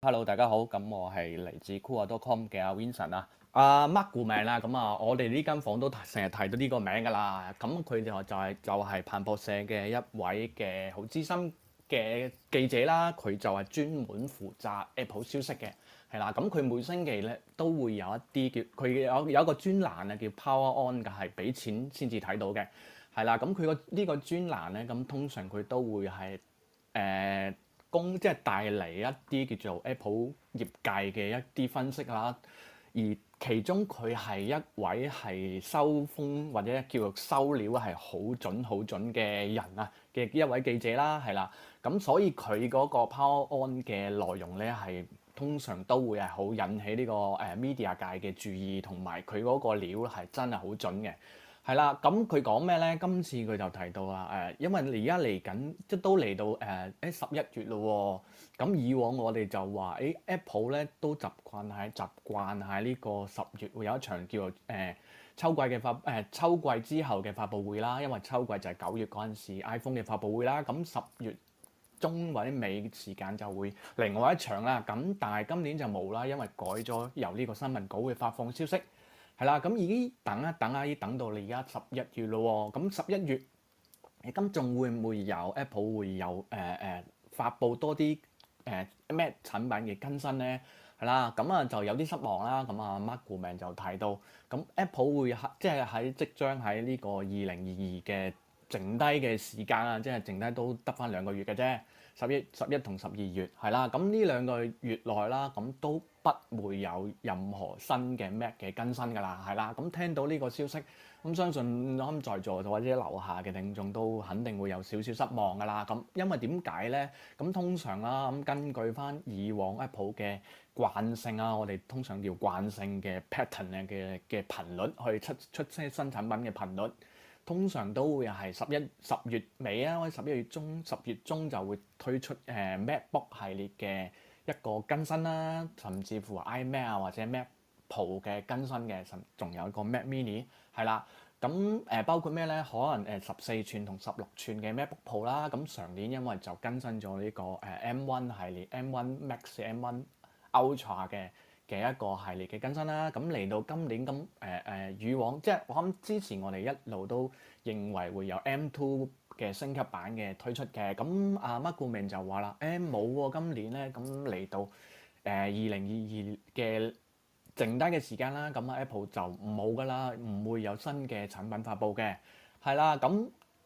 Hello，大家好，咁我係嚟自 cool.com 嘅阿 Vincent 啊，阿、uh, Mark Gurman 啦，咁啊，我哋呢間房都成日提到呢個名噶啦，咁佢就係、就係就係彭博社嘅一位嘅好資深嘅記者啦，佢就係專門負責 Apple 消息嘅，係啦，咁佢每星期咧都會有一啲叫，佢有有一個專欄啊叫 Power On 嘅，係俾錢先至睇到嘅。係啦，咁佢個呢個專欄咧，咁通常佢都會係誒供，即、呃、係、即係、帶嚟一啲叫做 Apple 業界嘅一啲分析啦。而其中佢係一位係收風或者叫做收料係好準，好準、好準嘅人啊嘅一位記者啦，係啦。咁、嗯、所以佢嗰個 Power On 嘅內容咧，係通常都會係好引起呢、呢個誒、呃、media 界嘅注意，同埋佢嗰個料係真係好準嘅。係啦，咁佢講咩咧？今次佢就提到啦，誒、呃，因為而家嚟緊，即都嚟到誒，誒十一月咯喎、哦。咁以往我哋就話，誒、欸、Apple 咧都習慣喺習慣喺呢個十月會有一場叫做誒、呃、秋季嘅發誒、呃、秋季之後嘅發布會啦，因為秋季就係九月嗰陣時 iPhone 嘅發布會啦。咁、嗯、十月中或者尾時間就會另外一場啦。咁但係今年就冇啦，因為改咗由呢個新聞稿會發放消息。係啦，咁已經等一等啊，要等到你而家十一月咯喎、哦，咁十一月，你今仲會唔會有 Apple 會有誒誒、呃呃、發佈多啲誒咩產品嘅更新咧？係啦，咁啊就有啲失望啦。咁啊 Mark Gurman 就睇到，咁 Apple 會即係喺即將喺呢個二零二二嘅。剩低嘅時間啊，即係剩低都得翻兩個月嘅啫，十一十一同十二月係啦。咁呢兩個月內啦，咁都唔會有任何新嘅 Mac 嘅更新㗎啦，係啦。咁聽到呢個消息，咁相信啱在座或者樓下嘅聽眾都肯定會有少少失望㗎啦。咁因為點解呢？咁通常啦，咁根據翻以往 Apple 嘅慣性啊，我哋通常叫慣性嘅 pattern 嘅嘅頻率去出出些新產品嘅頻率。通常都會係十一十月尾啊，或者十一月中、十月中就會推出誒 MacBook 系列嘅一個更新啦，甚至乎 iMac 啊或者 Mac Pro 嘅更新嘅，甚仲有一個 Mac Mini 係啦。咁誒包括咩咧？可能誒十四寸同十六寸嘅 MacBook Pro 啦。咁上年因為就更新咗呢個誒 M1 系列、M1 Max、M1 Ultra 嘅。嘅一個系列嘅更新啦，咁嚟到今年咁誒誒，以、呃、往即係我諗之前我哋一路都認為會有 M2 嘅升級版嘅推出嘅，咁阿乜顧明就話啦，m 冇喎，今年咧咁嚟到誒二零二二嘅剩低嘅時間啦，咁 Apple 就冇㗎啦，唔會有新嘅產品發佈嘅，係啦，咁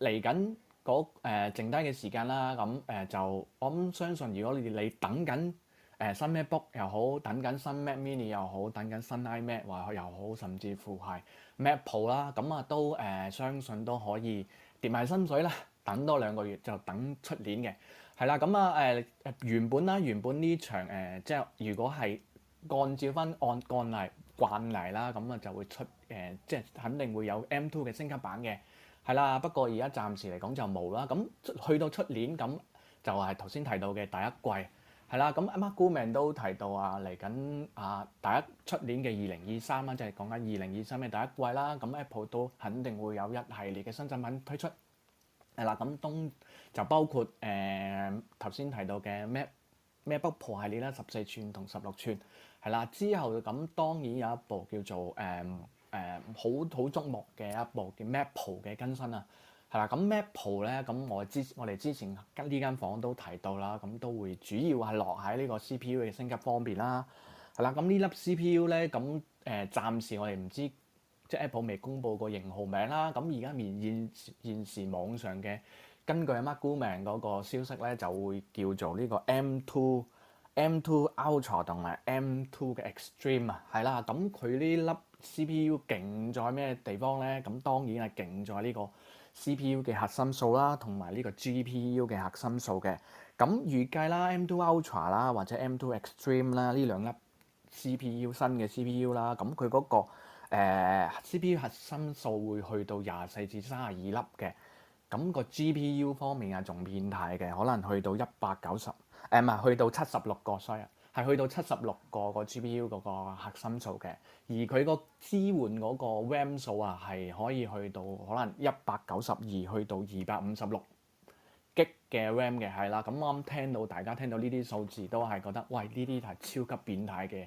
嚟緊嗰剩低嘅時間啦，咁、啊、誒就我諗相信如果你你等緊。誒新 MacBook 又好，等緊新 Mac Mini 又好，等緊新 iMac 又好，甚至乎係 Mac Pro 啦，咁啊都誒、呃、相信都可以跌埋心水啦，等多兩個月就等出年嘅，係啦，咁啊誒原本啦，原本呢場誒、呃、即係如果係按照翻按慣例慣例啦，咁啊就會出誒、呃、即係肯定會有 M2 嘅升級版嘅，係啦，不過而家暫時嚟講就冇啦，咁去，去到出年咁就係頭先提到嘅第一季。係啦，咁阿 Mark Gurman 都提到啊，嚟緊啊第一出年嘅二零二三啦，就係講緊二零二三嘅第一季啦。咁 Apple 都肯定會有一系列嘅新產品推出。係啦，咁當就包括誒頭先提到嘅 Mac MacBook Pro 系列啦，十四寸同十六寸。係啦，之後咁當然有一部叫做誒誒好好矚目嘅一部叫 MacBook 嘅更新啊。係啦，咁 Apple 咧，咁我之我哋之前跟呢間房都提到啦，咁都會主要係落喺呢個 CPU 嘅升級方面啦。係啦、嗯，咁呢粒 CPU 咧，咁誒暫時我哋唔知，即係 Apple 未公布過型號名啦。咁而家現現現時網上嘅根據 Mark Gurman 嗰個消息咧，就會叫做呢個 M2、M2 Ultra 同埋 M2 嘅 Extreme 啊。係啦，咁佢呢粒。C P U 勁在咩地方咧？咁當然係勁在呢個 C P U 嘅核心數啦，同埋呢個 G P U 嘅核心數嘅。咁預計啦，M2 Ultra 啦，或者 M2 Extreme 啦，呢兩粒 C P U 新嘅 C P U 啦，咁佢嗰個、呃、C P U 核心數會去到廿四至三十二粒嘅。咁個 G P U 方面係仲變態嘅，可能去到一百九十誒，唔係去到七十六個歲，所以。係去到七十六個個 GPU 嗰個核心數嘅，而佢個支援嗰個 RAM 數啊，係可以去到可能一百九十二去到二百五十六 G 嘅 RAM 嘅，係啦。咁啱聽到大家聽到呢啲數字，都係覺得喂，呢啲係超級變態嘅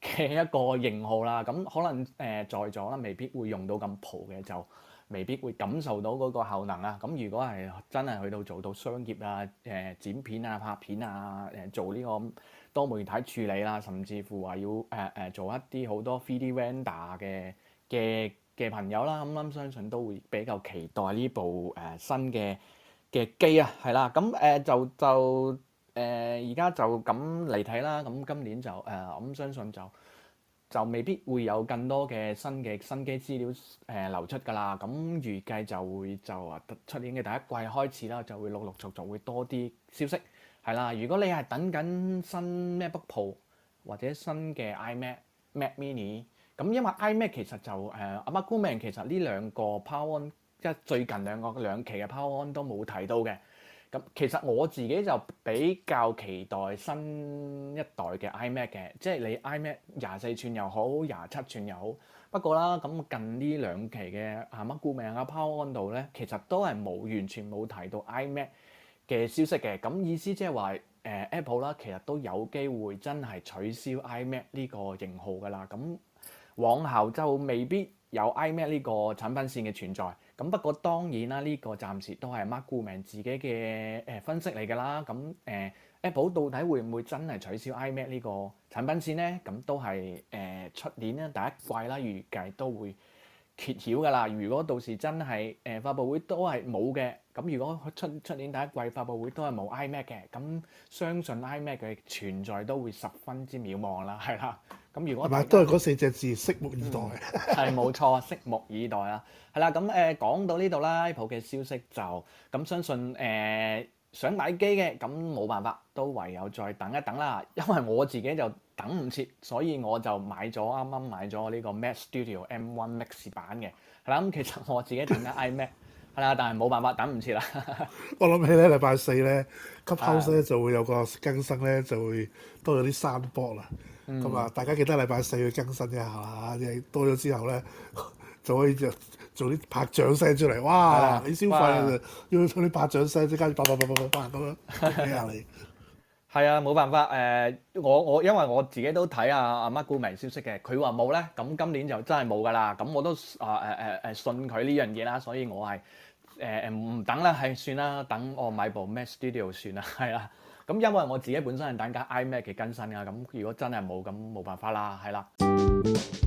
嘅一個型號啦。咁、嗯、可能誒、呃、在座啦，未必會用到咁普嘅就。未必會感受到嗰個效能啊！咁如果係真係去到做到商業啊、誒剪片啊、拍片啊、誒做呢個多媒體處理啦，甚至乎話要誒誒做一啲好多 3D render 嘅嘅嘅朋友啦，咁諗相信都會比較期待呢部誒新嘅嘅機啊，係啦，咁誒就就誒而家就咁嚟睇啦，咁今年就誒諗、呃、相信就。就未必會有更多嘅新嘅新機資料誒流出㗎啦，咁預計就會就啊出年嘅第一季開始啦，就會陸陸續續會多啲消息係啦。如果你係等緊新 MacBook Pro 或者新嘅 iMac Mac Mini，咁因為 iMac 其實就誒阿 Mark Gurman，其實呢兩個 Power On 即係最近兩個兩期嘅 Power On 都冇提到嘅。咁其實我自己就比較期待新一代嘅 iMac 嘅，即係你 iMac 廿四寸又好，廿七寸又好。不過啦，咁近呢兩期嘅啊乜顧名啊 Power On 度呢，其實都係冇完全冇提到 iMac 嘅消息嘅。咁意思即係話，誒、呃、Apple 啦，其實都有機會真係取消 iMac 呢個型號㗎啦。咁往後就未必有 iMac 呢個產品線嘅存在，咁不過當然啦，呢、這個暫時都係 Mark Gurman 自己嘅誒分析嚟㗎啦。咁、嗯、誒、嗯、Apple 到底會唔會真係取消 iMac 呢個產品線呢？咁、嗯、都係誒出年啦，第一季啦預計都會揭曉㗎啦。如果到時真係誒、呃、發布會都係冇嘅，咁如果出出年第一季發佈會都係冇 iMac 嘅，咁、嗯、相信 iMac 嘅存在都會十分之渺茫啦，係啦。咁如果都係嗰四隻字，拭目以待。係 冇、嗯、錯，拭目以待啦。係啦，咁、呃、誒講到呢度啦，Apple 嘅消息就咁、嗯、相信誒、呃、想買機嘅咁冇辦法，都唯有再等一等啦。因為我自己就等唔切，所以我就買咗啱啱買咗呢個 Mac Studio M1 Max 版嘅。係啦，咁、嗯、其實我自己用緊 iMac 係啦，但係冇辦法等唔切啦。 我諗起咧，禮拜四咧 Apple Store 咧就會有個更新咧，就會都有啲新博啦。咁啊，嗯、大家記得禮拜四去更新一下啦！你多咗之後咧，就可以就做啲拍掌聲出嚟，哇！的你消費的要做啲拍掌聲，即刻八八八八八八咁樣。幾、 嗯、啊？你係啊？冇辦法誒、呃！我我因為我自己都睇啊阿 Mark Gurman 消息嘅，佢話冇咧，咁今年就真係冇噶啦。咁我都啊誒誒誒信佢呢樣嘢啦，所以我係誒誒唔等啦，係算啦，等我買部 Mac Studio 算啦，係啦。咁因為我自己本身係等緊 iMac 嘅更新啊，咁如果真係冇，咁冇辦法啦，係啦。